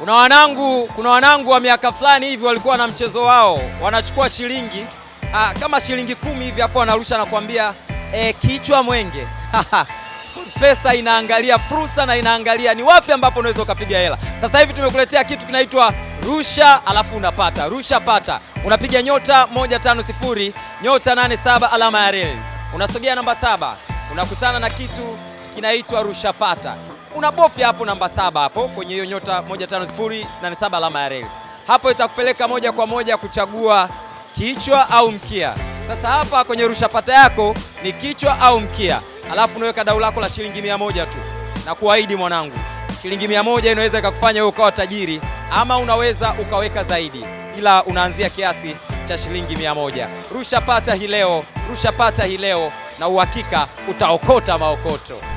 Kuna wanangu, kuna wanangu wa miaka fulani hivi walikuwa na mchezo wao, wanachukua shilingi aa, ah, kama shilingi kumi hivi afu wanarusha nakwambia e, eh, kichwa mwenge pesa inaangalia fursa na inaangalia ni wapi ambapo unaweza ukapiga hela. Sasa hivi tumekuletea kitu kinaitwa rusha alafu unapata rusha pata, unapiga nyota sifuri nyota 87 alama ya reli, unasogea namba saba, unakutana na kitu kinaitwa rusha pata unabofya hapo namba saba hapo kwenye hiyo nyota saba alama ya reli hapo, itakupeleka moja kwa moja kuchagua kichwa au mkia. Sasa hapa kwenye rushapata yako ni kichwa au mkia, alafu unaweka dau lako la shilingi mia moja tu, na kuahidi mwanangu, shilingi mia moja inaweza ikakufanya wewe ukawa tajiri, ama unaweza ukaweka zaidi, ila unaanzia kiasi cha shilingi mia moja. Rushapata hii leo, rushapata hii leo, na uhakika utaokota maokoto.